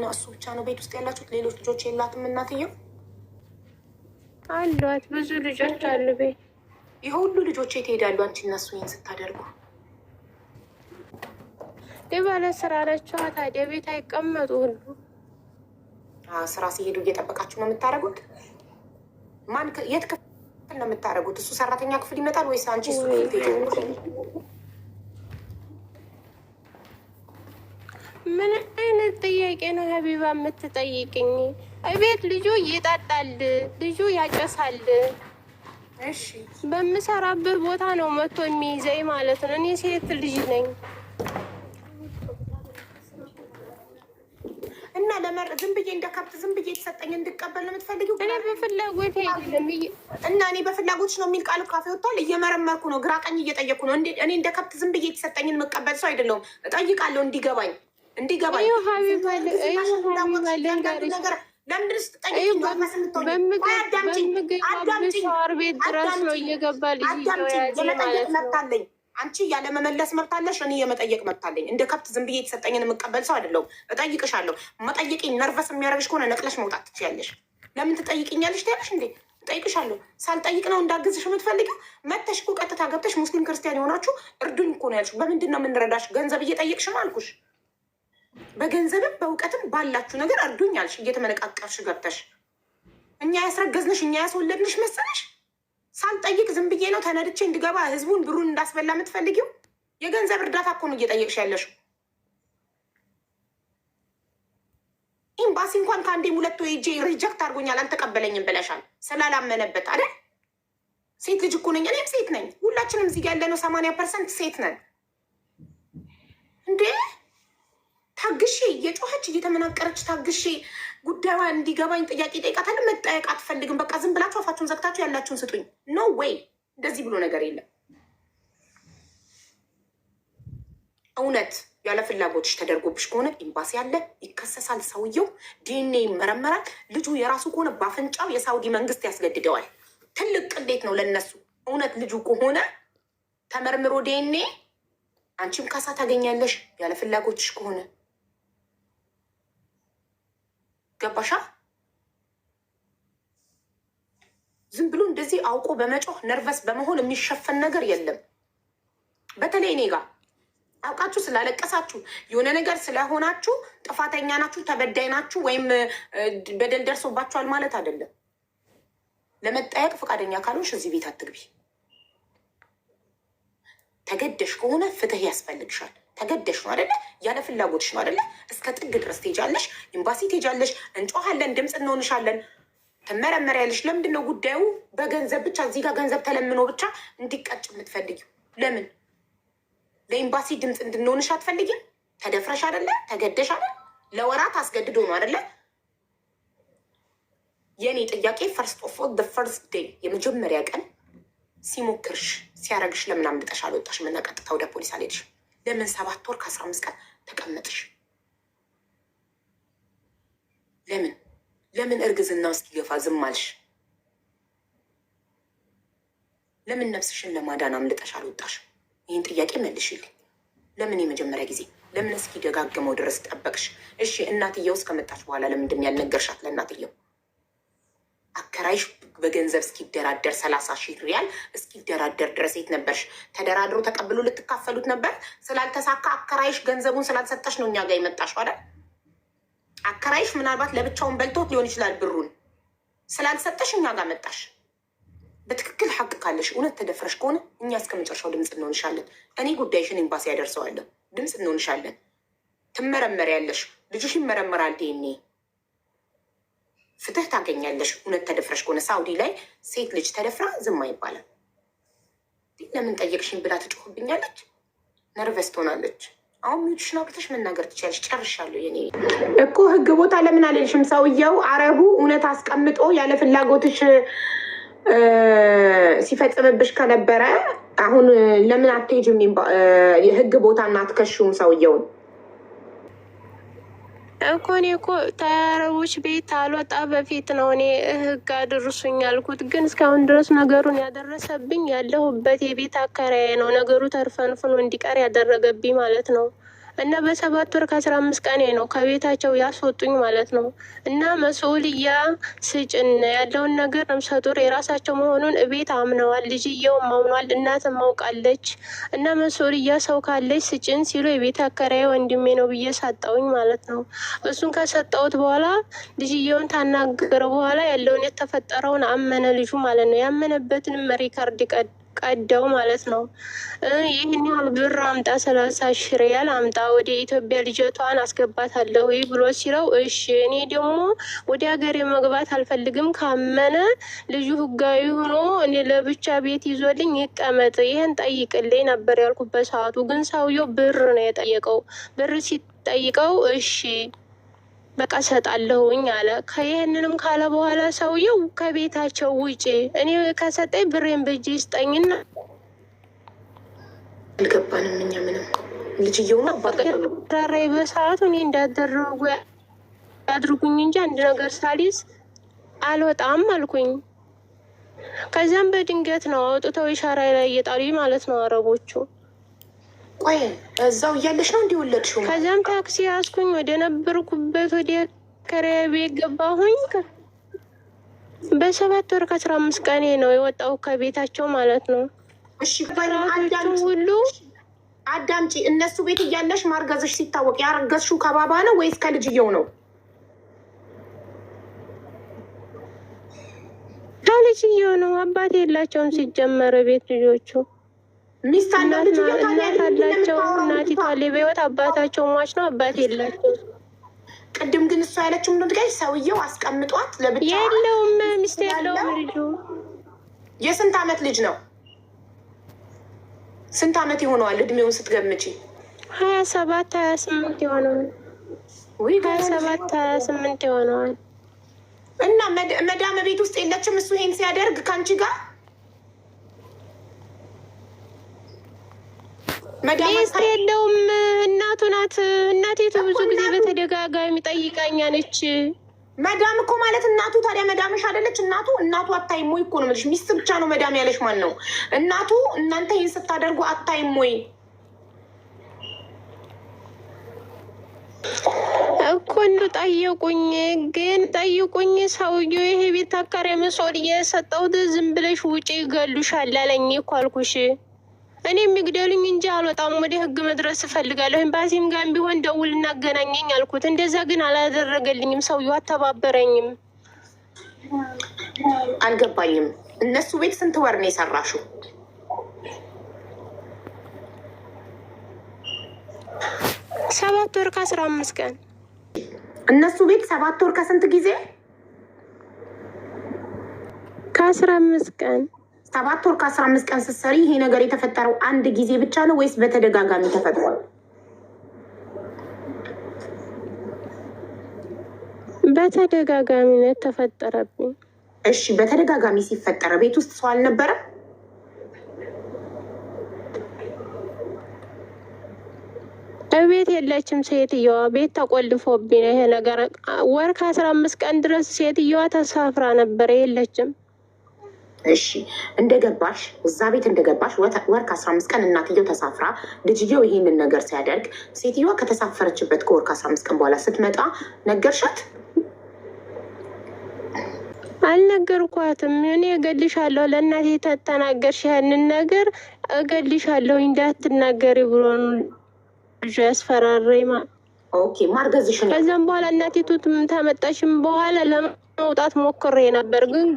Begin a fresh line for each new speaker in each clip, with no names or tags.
እና እሱ ብቻ ነው ቤት ውስጥ ያላችሁት? ሌሎች ልጆች የላትም? እናትየው
አሏት። ብዙ ልጆች አሉ ቤት።
የሁሉ ልጆች የት ሄዳሉ? አንቺ እነሱ ይህን ስታደርጉ
ባለ ስራ ናቸዋ። ታዲያ ቤት አይቀመጡ ሁሉ
ስራ ሲሄዱ እየጠበቃችሁ ነው የምታደርጉት? ማን የት ክፍል ነው የምታደርጉት? እሱ ሰራተኛ ክፍል ይመጣል ወይስ አንቺ እሱ ክፍል
ምን አይነት ጥያቄ ነው ሀቢባ የምትጠይቅኝ? እቤት ልጁ ይጠጣል፣ ልጁ ያጨሳል። በምሰራበት ቦታ ነው መጥቶ የሚይዘኝ ማለት ነው። እኔ ሴት ልጅ ነኝ
እና ለመር ዝም ብዬ እንደ ከብት ዝም ብዬ የተሰጠኝ እንድቀበል ነው የምትፈልጊው?
እኔ በፍላጎት
እና እኔ በፍላጎት ነው የሚል ቃል ካፌ ወጥቷል። እየመረመርኩ ነው፣ ግራ ቀኝ እየጠየቅኩ ነው። እኔ እንደ ከብት ዝም ብዬ የተሰጠኝን መቀበል ሰው አይደለሁም። እጠይቃለሁ እንዲገባኝ እንዲገባኝ አንቺ ያለመመለስ መብታለሽ፣ እኔ የመጠየቅ መብታለኝ። እንደ ከብት ዝም ብዬ የተሰጠኝን የምቀበል ሰው አይደለሁም። እጠይቅሻለሁ። መጠየቅኝ ነርቨስ የሚያደርግሽ ከሆነ ነቅለሽ መውጣት ትችያለሽ። ለምን ትጠይቅኛለሽ ትያለሽ እንዴ? እጠይቅሻለሁ። ሳልጠይቅ ነው እንዳግዝሽ የምትፈልጊው? መተሽ እኮ ቀጥታ ገብተሽ ሙስሊም ክርስቲያን የሆናችሁ እርዱኝ እኮ ነው ያልሽው። በምንድን ነው የምንረዳሽ? ገንዘብ እየጠየቅሽ ነው አልኩሽ። በገንዘብም በእውቀትም ባላችሁ ነገር እርዱኛልሽ። እየተመለቃቀፍሽ ገብተሽ እኛ ያስረገዝንሽ እኛ ያስወለድንሽ መሰለሽ? ሳልጠይቅ ዝም ብዬ ነው ተነድቼ እንድገባ ህዝቡን ብሩን እንዳስበላ የምትፈልጊው? የገንዘብ እርዳታ እኮ ነው እየጠየቅሽ ያለሽው። ኤምባሲ እንኳን ከአንዴም ሁለት ወይጄ ሪጀክት አድርጎኛል አልተቀበለኝም ብለሻል። ስላላመነበት አይደል? ሴት ልጅ እኮ ነኝ፣ እኔም ሴት ነኝ። ሁላችንም እዚህ ያለነው ሰማንያ ፐርሰንት ሴት ነን እንዴ ታግሼ እየጮኸች እየተመናቀረች ታግሼ ጉዳዩ እንዲገባኝ ጥያቄ ጠይቃታለሁ። መጠየቅ አትፈልግም። በቃ ዝም ብላችሁ አፋችሁን ዘግታችሁ ያላችሁን ስጡኝ። ኖ ወይ እንደዚህ ብሎ ነገር የለም። እውነት ያለ ፍላጎትሽ ተደርጎብሽ ከሆነ ኤምባሲ አለ፣ ይከሰሳል። ሰውየው ዲኤንኤ ይመረመራል። ልጁ የራሱ ከሆነ በአፍንጫው የሳውዲ መንግስት ያስገድደዋል። ትልቅ ቅሌት ነው ለነሱ። እውነት ልጁ ከሆነ ተመርምሮ ዲኤንኤ አንቺም ካሳ ታገኛለሽ፣ ያለ ፍላጎትሽ ከሆነ ገባሻ? ዝም ብሎ እንደዚህ አውቆ በመጮህ ነርቨስ በመሆን የሚሸፈን ነገር የለም። በተለይ እኔ ጋር አውቃችሁ ስላለቀሳችሁ የሆነ ነገር ስለሆናችሁ ጥፋተኛ ናችሁ፣ ተበዳይ ናችሁ፣ ወይም በደል ደርሶባችኋል ማለት አይደለም። ለመጠየቅ ፈቃደኛ ካልሆንሽ እዚህ ቤት አትግቢ። ተገደሽ ከሆነ ፍትህ ያስፈልግሻል። ተገደሽ ነው አደለ? ያለ ፍላጎትሽ ነው አደለ? እስከ ጥግ ድረስ ትሄጃለሽ፣ ኤምባሲ ትሄጃለሽ፣ እንጮሃለን፣ ድምፅ እንሆንሻለን፣ ትመረመሪያለሽ። ለምንድን ነው ጉዳዩ በገንዘብ ብቻ እዚህ ጋር ገንዘብ ተለምኖ ብቻ እንዲቀጭ የምትፈልጊው? ለምን ለኤምባሲ ድምፅ እንድንሆንሽ አትፈልጊም? ተደፍረሽ አደለ? ተገደሽ አደለ? ለወራት አስገድዶ ነው አደለ? የእኔ ጥያቄ ፈርስት ኦፍ ኦል ፈርስት ዴይ የመጀመሪያ ቀን ሲሞክርሽ ሲያረግሽ ለምን አምልጠሽ አልወጣሽ? ምና ቀጥታ ወደ ፖሊስ አልሄድሽም? ለምን ሰባት ወር ከአስራ አምስት ቀን ተቀመጥሽ? ለምን ለምን እርግዝና እስኪገፋ ዝም አልሽ? ለምን ነፍስሽን ለማዳን አምልጠሽ አልወጣሽ? ይህን ጥያቄ መልሽልኝ። ለምን የመጀመሪያ ጊዜ ለምን እስኪደጋግመው ድረስ ጠበቅሽ? እሺ እናትየው እስከመጣች በኋላ ለምንድን ያልነገርሻት ለእናትየው? አከራይሽ በገንዘብ እስኪደራደር ሰላሳ ሺ ሪያል እስኪደራደር ድረስ የት ነበርሽ? ተደራድሮ ተቀብሎ ልትካፈሉት ነበር። ስላልተሳካ አከራይሽ ገንዘቡን ስላልሰጠሽ ነው እኛ ጋር የመጣሽ አይደል? አከራይሽ ምናልባት ለብቻውን በልቶት ሊሆን ይችላል ብሩን ስላልሰጠሽ እኛ ጋር መጣሽ። በትክክል ሀቅ ካለሽ እውነት ተደፍረሽ ከሆነ እኛ እስከ መጨረሻው ድምፅ እንሆንሻለን። እኔ ጉዳይሽን ኤምባሲ ያደርሰዋለሁ። ድምፅ እንሆንሻለን። ትመረመሪያለሽ። ልጅሽ ይመረመራል ዴኔ ፍትህ ታገኛለሽ። እውነት ተደፍረሽ ከሆነ ሳውዲ ላይ ሴት ልጅ ተደፍራ ዝም አይባልም። ለምን ጠየቅሽኝ ብላ ትጮህብኛለች። ነርቨስ ትሆናለች። አሁን ሚውትሽን አውጥተሽ መናገር ትችያለሽ። ጨርሻለሁ። የኔ እኮ ህግ ቦታ ለምን አልልሽም? ሰውየው አረቡ እውነት አስቀምጦ ያለ ፍላጎትሽ ሲፈጽምብሽ ከነበረ አሁን ለምን አትሄጂም? ህግ ቦታ እናትከሹም ሰውየውን
እኮ እኔ እኮ ተረቦች ቤት አልወጣ በፊት ነው እኔ ህግ አድርሱኝ ያልኩት፣ ግን እስካሁን ድረስ ነገሩን ያደረሰብኝ ያለሁበት የቤት አከራዬ ነው። ነገሩ ተርፈንፍኖ እንዲቀር ያደረገብኝ ማለት ነው። እና በሰባት ወር ከአስራ አምስት ነው ከቤታቸው ያስወጡኝ ማለት ነው። እና መሶልያ ስጭን ያለውን ነገር ነፍሰ ጡር የራሳቸው መሆኑን እቤት አምነዋል፣ ልጅየውም አምኗል፣ እናትም አውቃለች። እና መስኡልያ ሰው ካለች ስጭን ሲሉ የቤት አከራዬ ወንድሜ ነው ብዬ ሰጠውኝ ማለት ነው። እሱን ከሰጠውት በኋላ ልጅየውን ታናገረ በኋላ ያለውን የተፈጠረውን አመነ ልጁ ማለት ነው። ያመነበትንም ሪከርድ ቀድ ቀዳው ማለት ነው። ይህን ያህል ብር አምጣ፣ ሰላሳ ሺ ሪያል አምጣ፣ ወደ ኢትዮጵያ ልጀቷን አስገባታለሁ ብሎ ሲለው እሺ፣ እኔ ደግሞ ወደ ሀገሬ መግባት አልፈልግም፣ ካመነ ልጁ ህጋዊ ሆኖ እኔ ለብቻ ቤት ይዞልኝ ይቀመጥ፣ ይህን ጠይቅልኝ ነበር ያልኩበት ሰዓቱ። ግን ሰውየው ብር ነው የጠየቀው። ብር ሲጠይቀው እሺ በቃ ሰጣለሁኝ አለ። ከይህንንም ካለ በኋላ ሰውየው ከቤታቸው ውጪ እኔ ከሰጠኝ ብሬን በእጅ ይስጠኝና
አልገባንም። እኛ ምንም ልጅየውን
አባራራይ በሰዓቱ እኔ እንዳደረጉ አድርጉኝ እንጂ አንድ ነገር ሳሊስ አልወጣም አልኩኝ። ከዚያም በድንገት ነው አውጥተው የሻራይ ላይ እየጣሉ ማለት ነው አረቦቹ
ቆይ እዛው እያለሽ ነው እንዲህ ከዛም
ከዚያም ታክሲ አስኩኝ ወደ ነበርኩበት ወደ ከሪያ ቤት ገባሁኝ። በሰባት ወር ከአስራ አምስት ቀኔ ነው የወጣው ከቤታቸው ማለት ነው።
እሺ ሁሉ አዳምጪ። እነሱ ቤት እያለሽ ማርገዝሽ ሲታወቅ ያረገዝሽው ከባባ ነው ወይስ ከልጅየው ነው?
ከልጅየው ነው። አባት የላቸውም ሲጀመረ ቤት ልጆቹ ሚስት አላቸው እናቲቷ በሕይወት አባታቸው ሟች ነው። አባት የላቸው።
ቅድም ግን እሱ ያለችው ምንድን ጋር ሰውየው አስቀምጧት ለብቻ
የለውም ሚስት የለውም። ልጁ
የስንት አመት ልጅ ነው? ስንት አመት ይሆነዋል? እድሜውን ስትገምጪ?
ሀያ ሰባት ሀያ ስምንት ይሆነዋል። ሀያ ሰባት ሀያ ስምንት ይሆነዋል።
እና መዳመ ቤት ውስጥ የለችም እሱ ይሄን ሲያደርግ ከአንቺ ጋር ሊስት የለውም። እናቱ ናት። እናቴቱ ብዙ ጊዜ በተደጋጋሚ ጠይቃኛ ነች። መዳም እኮ ማለት እናቱ ታዲያ መዳምሽ አደለች እናቱ እናቱ አታይም ወይ እኮ ነው የምልሽ። ሚስት ብቻ ነው መዳም ያለሽ ማን ነው? እናቱ እናንተ ይህን ስታደርጉ አታይም ወይ እኮ እንዱ ጠየቁኝ፣ ግን ጠይቁኝ። ሰውዬው ይሄ ቤት አካሪ መስል እየሰጠውት ዝም ብለሽ ውጪ ይገሉሻል አለኝ እኮ አልኩሽ። እኔ የሚግደሉኝ እንጂ አልወጣም። ወደ ህግ መድረስ እፈልጋለሁ። ኤምባሲም ጋር ቢሆን ደውል እናገናኘኝ አልኩት። እንደዛ ግን አላደረገልኝም። ሰውዬው አተባበረኝም። አልገባኝም። እነሱ ቤት ስንት ወር ነው የሰራሽው? ሰባት ወር ከአስራ አምስት ቀን እነሱ ቤት ሰባት ወር ከስንት ጊዜ? ከአስራ አምስት ቀን ሰባት ወር ከአስራ አምስት ቀን ስትሰሪ ይሄ ነገር የተፈጠረው አንድ ጊዜ ብቻ ነው ወይስ በተደጋጋሚ ተፈጥሯል? በተደጋጋሚነት ተፈጠረብኝ። እሺ፣ በተደጋጋሚ ሲፈጠረ ቤት ውስጥ ሰው አልነበረ? እቤት የለችም ሴትየዋ። ቤት ተቆልፎብኝ ነው ይሄ ነገር። ወር ከአስራ አምስት ቀን ድረስ ሴትየዋ ተሳፍራ ነበረ፣ የለችም እሺ እንደገባሽ እዛ ቤት እንደገባሽ ወር ከአስራ አምስት ቀን እናትየው ተሳፍራ ልጅየው ይህንን ነገር ሲያደርግ ሴትዮዋ ከተሳፈረችበት ከወርክ ከአስራ አምስት ቀን በኋላ ስትመጣ ነገርሻት? አልነገርኳትም። እኔ እገልሻለሁ ለእናቴ ተተናገርሽ ያንን ነገር እገልሻለሁ እንዳትናገሪ ብሎ ልጁ ያስፈራረኝ። ከዚያም በኋላ እናቴ ቱት ተመጣሽም በኋላ ለመውጣት ሞክሬ ነበር ግን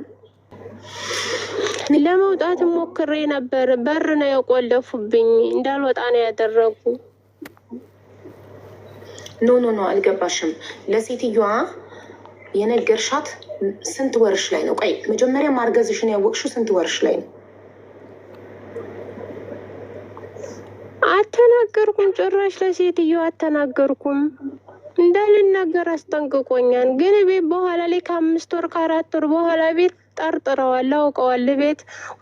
ለመውጣት ሞክሬ ነበር። በር ነው የቆለፉብኝ። እንዳልወጣ ነው ያደረጉ። ኖ ኖ ኖ አልገባሽም። ለሴትዮዋ የነገርሻት ስንት ወርሽ ላይ ነው? ቆይ መጀመሪያ ማርገዝሽን ያወቅሽው ስንት ወርሽ ላይ ነው? አተናገርኩም። ጭራሽ ለሴትዮዋ አተናገርኩም። እንዳልነገር አስጠንቅቆኛል። ግን ቤት በኋላ ላይ ከአምስት ወር ከአራት ወር በኋላ ቤት ጠርጥረዋል፣ አውቀዋል። ቤት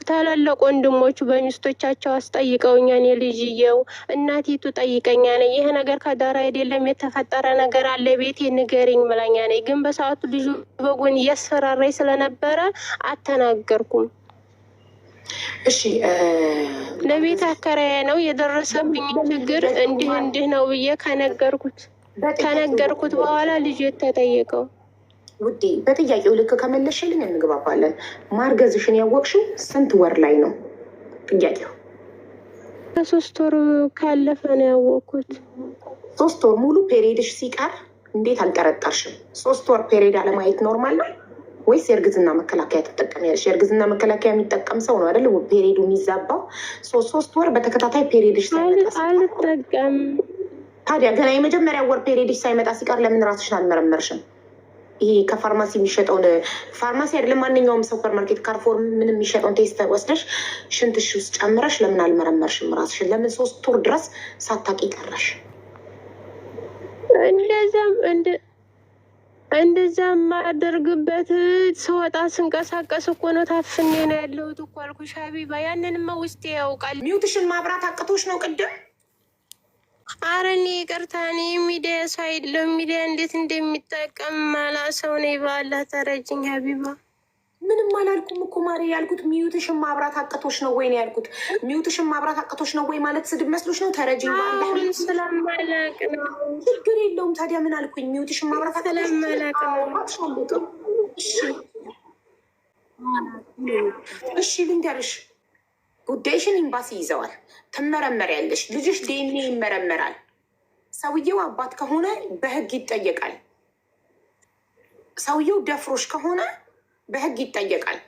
ታላላቅ ወንድሞቹ በሚስቶቻቸው አስጠይቀውኛን የልጅየው እናቲቱ ጠይቀኛ ነ ይህ ነገር ከዳር አይደለም የተፈጠረ ነገር አለ ቤት ንገሪኝ ብላኛ ነ ግን በሰዓቱ ልጁ በጎን እያስፈራራኝ ስለነበረ አተናገርኩም። እሺ ለቤት አከራዬ ነው የደረሰብኝ ችግር እንዲህ እንዲህ ነው ብዬ ከነገርኩት ከነገርኩት በኋላ ልጁ የተጠየቀው ውዴ በጥያቄው ልክ ከመለሽልን እንግባባለን። ማርገዝሽን ያወቅሽው ስንት ወር ላይ ነው? ጥያቄው ከሶስት ወር ካለፈ ነው ያወቅኩት። ሶስት ወር ሙሉ ፔሬድሽ ሲቀር እንዴት አልጠረጠርሽም? ሶስት ወር ፔሬድ አለማየት ኖርማል ነው ወይስ የእርግዝና መከላከያ ትጠቀሚያለሽ? የእርግዝና መከላከያ የሚጠቀም ሰው ነው አይደል ፔሬዱ የሚዛባው። ሶስት ወር በተከታታይ ፔሬድሽ አልጠቀም። ታዲያ ገና የመጀመሪያ ወር ፔሬድሽ ሳይመጣ ሲቀር ለምን ራስሽን አልመረመርሽም? ይሄ ከፋርማሲ የሚሸጠውን ፋርማሲ አይደለም፣ ማንኛውም ሱፐር ማርኬት፣ ካርፎር ምንም የሚሸጠውን ቴስተ ወስደሽ ሽንትሽ ውስጥ ጨምረሽ ለምን አልመረመርሽም ራስሽን? ለምን ሶስት ቱር ድረስ ሳታቂ ቀረሽ? እንደዛ የማደርግበት ስወጣ ስንቀሳቀስ እኮ ነው። ታፍኔ ነው ያለሁት እኮ አልኩሽ ሀቢባ፣ ያንንማ ውስጤ ያውቃል። ሚውትሽን ማብራት አቅቶች ነው ቅድም አረ እኔ ይቅርታ፣ እኔ ሚዲያ ሰው አይደለሁም። ሚዲያ እንዴት እንደሚጠቀም ማላ ሰው ነኝ። ባላ ተረጅኝ ሀቢባ ምንም አላልኩም እኮ ማሪ። ያልኩት ሚዩትሽን ማብራት አቅቶች ነው ወይ ነው ያልኩት። ሚዩትሽን ማብራት አቅቶች ነው ወይ ማለት ስድብ መስሎች ነው? ተረጅኝ ስለማላቅ ነው። ችግር የለውም ታዲያ ምን አልኩኝ? ሚዩትሽን ማብራት ስለማላቅ ነው። እሺ ልንገርሽ ጉዳይሽን ኤምባሲ ይዘዋል። ትመረመሪያለሽ። ልጅሽ ዲኤንኤ ይመረመራል። ሰውየው አባት ከሆነ በህግ ይጠየቃል። ሰውየው ደፍሮሽ ከሆነ በህግ ይጠየቃል።